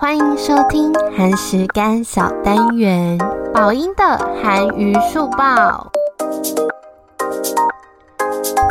歡迎收聽韓食柑小單元，寶音的韓娛速報。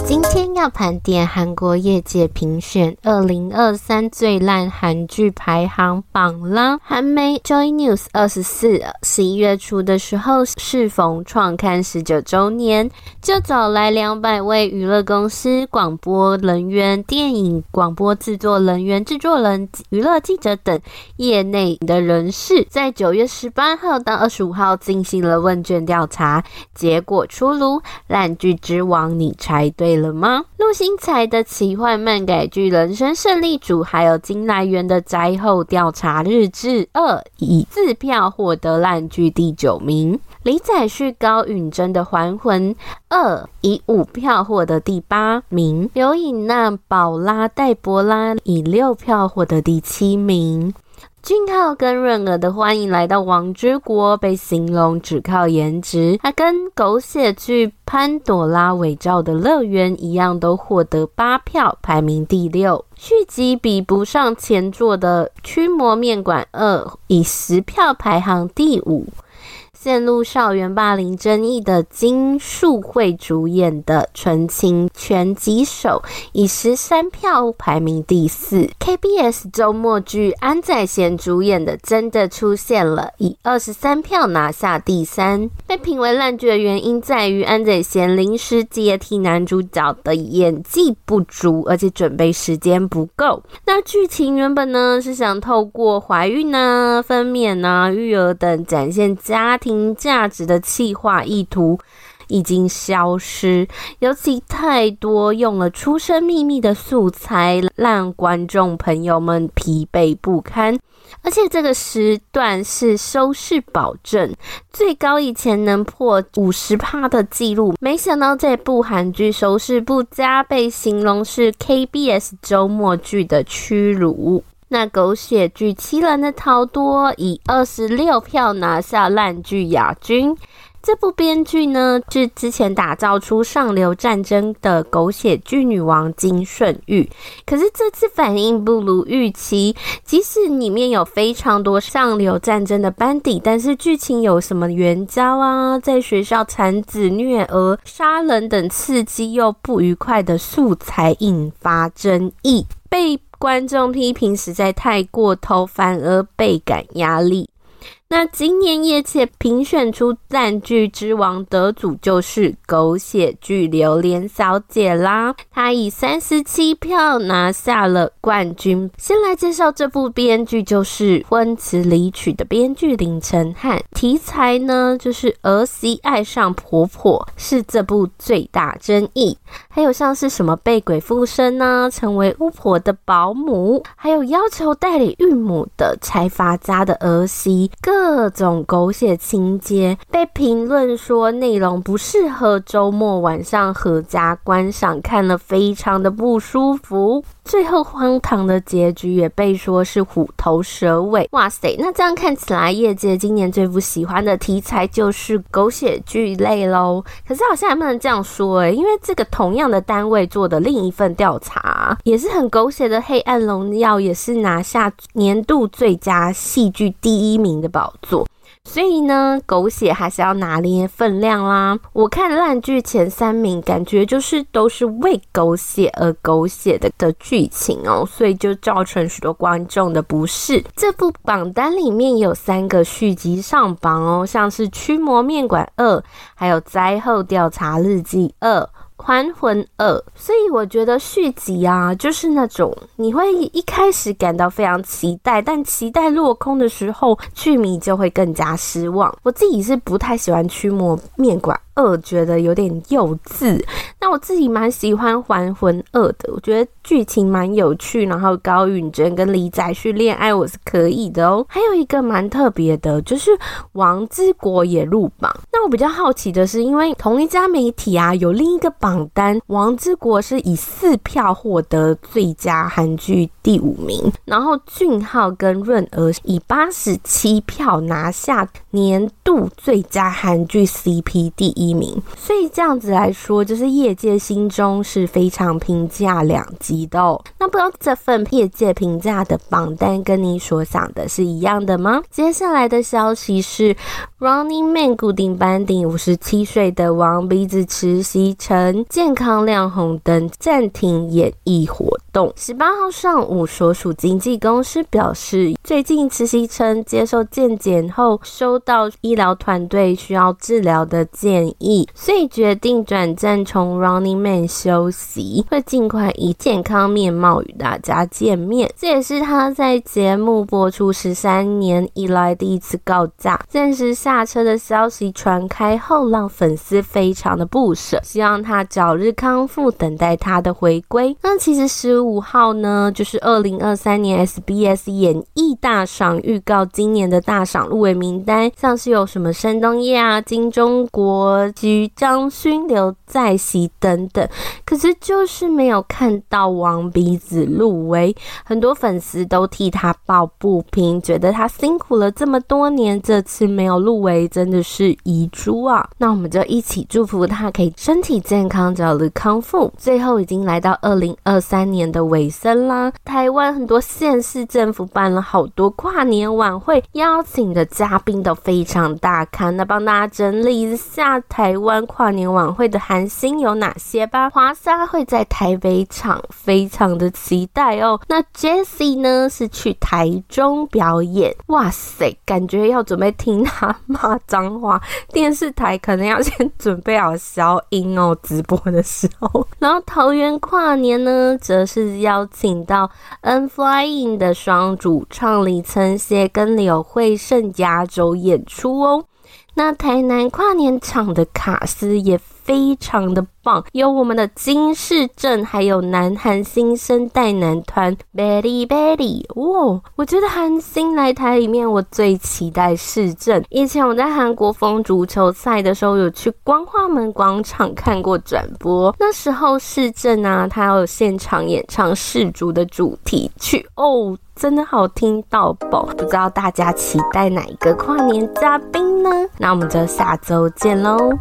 今天要盤點韓國業界評選二零二三最爛韓劇排行榜啦，韓媒 Joynews 二十四十一月初的時候，適逢創刊十九週年，就找來兩百位娛樂公司、廣播人員、電影廣播製作人員、製作人、娛樂記者等業內的人士，在九月十八號到二十五號進行了問卷調查，結果出爐，爛劇之王，你猜對了。了嗎？陸星材的奇幻漫改劇《人生勝利組》，還有金來沅的《災後調查日誌二》，以四票獲得爛劇第九名。李宰旭、高允貞的《還魂二》，以五票獲得第八名。劉寅娜、寶拉、黛博拉以六票獲得第七名。俊昊跟潤娥的《歡迎來到王之國》被形容只靠顏值，他跟狗血劇《潘朵拉偽造的樂園》一樣，都獲得八票，排名第六。續集比不上前作的《驅魔麵館二》，以十票排行第五。陷入校園霸凌爭議的金素慧主演的《純情拳擊手》以十三票排名第四。KBS 週末劇安宰賢主演的《真的出現了》以二十三票拿下第三。被評為爛劇的原因在於安宰賢臨時接替男主角的演技不足，而且準備時間不夠。那劇情原本呢是想透過懷孕呢、啊、分娩呢、啊、育兒等展現家庭。價值的企劃意圖已經消失，尤其太多用了出生秘密的素材，讓觀眾朋友們疲憊不堪。而且這個時段是收視保證，最高以前能破五十趴的記錄。沒想到這部韓劇收視不佳，被形容是 KBS 週末劇的屈辱。那狗血劇《七人的逃脫》以二十六票拿下爛劇亞軍。這部編劇呢，是之前打造出《上流戰爭》的狗血劇女王金順玉。可是這次反應不如預期，即使裡面有非常多《上流戰爭》的班底，但是劇情有什麼援交啊、在學校產子虐兒、殺人等刺激又不愉快的素材，引發爭議，被觀眾批評實在太過頭，反而倍感壓力。那今年業界評選出爛劇之王得主就是狗血劇《榴蓮小姐》啦，她以三十七票拿下了冠軍。先來介紹這部編劇就是《婚詞離曲》的編劇林晨漢，題材呢就是兒媳愛上婆婆是這部最大爭議，還有像是什麼被鬼附身呢，成為巫婆的保姆，還有要求代理孕母的財閥家的兒媳更各種狗血情節被評論說內容不適合周末晚上合家觀賞，看了非常的不舒服。最後荒唐的結局也被說是虎頭蛇尾。哇塞，那這樣看起來，業界今年最不喜歡的題材就是狗血劇類嘍。可是好像也不能這樣說誒、欸，因為這個同樣的單位做的另一份調查，也是很狗血的《黑暗榮耀》，也是拿下年度最佳戲劇第一名的寶座，所以呢，狗血還是要拿捏分量啦。我看爛劇前三名，感覺就是都是為狗血而狗血的的劇情哦、喔，所以就造成許多觀眾的不適。這部榜單裡面有三個續集上榜哦、喔，像是《驅魔麵館二》還有《災後調查日記二》。還魂二，所以我覺得續集啊，就是那種你會一開始感到非常期待，但期待落空的時候，劇迷就會更加失望。我自己是不太喜歡驅魔面館。呃，覺得有點幼稚，那我自己蠻喜歡《還魂二》的，我覺得劇情蠻有趣，然後高允貞跟李宰旭戀愛我是可以的哦。還有一個蠻特別的，就是王之國也入榜。那我比較好奇的是，因為同一家媒體啊，有另一個榜單，王之國是以四票獲得最佳韓劇第五名，然後俊昊跟潤娥以八十七票拿下年度最佳韓劇 CP 第一。一名，所以這樣子來說，就是業界心中是非常評價兩極的哦。那不知道這份業界評價的榜單跟你所想的是一樣的嗎？接下來的消息是，《Running Man》固定班底五十七歲的王鼻子池錫辰健康亮紅燈，暫停演藝活。十八號上午，所屬經紀公司表示，最近池錫辰接受健檢後，收到醫療團隊需要治療的建議，所以決定轉戰從 Running Man 休息，會盡快以健康面貌與大家見面。這也是他在節目播出十三年以來第一次告假，暫時下車的消息傳開後，讓粉絲非常的不捨，希望他早日康復，等待他的回歸。那其實十五。五號呢，就是二零二三年 SBS 演藝大賞預告，今年的大賞入圍名單，像是有什麼申東燁啊、金鍾國、徐張勳、劉在錫等等，可是就是沒有看到王鼻子入圍，很多粉絲都替他抱不平，覺得他辛苦了這麼多年，這次沒有入圍真的是遺珠啊。那我們就一起祝福他可以身體健康，早日康復。最後已經來到二零二三年。的尾聲啦，台灣很多縣市政府辦了好多跨年晚會，邀請的嘉賓都非常大咖。那幫大家整理一下台灣跨年晚會的韓星有哪些吧。華莎會在台北場，非常的期待哦、喔。那 Jesse 呢是去台中表演，哇塞，感覺要準備聽他罵髒話，電視台可能要先準備好消音哦、喔，直播的時候。然後桃園跨年呢，則是。是邀請到 N Flying 的雙主唱李承協跟柳慧盛加州演出哦。那台南跨年場的卡司也非常的棒，有我們的金世鎮，還有南韓新生代男團 VERIVERY。哇，oh, 我覺得韓星來台裡面，我最期待世鎮。以前我在韓國瘋足球賽的時候，有去光化門廣場看過轉播，那時候世鎮啊，它要有現場演唱世足的主題曲哦。去真的好聽到爆！不知道大家期待哪一個跨年嘉賓呢？那我們就下周見嘍！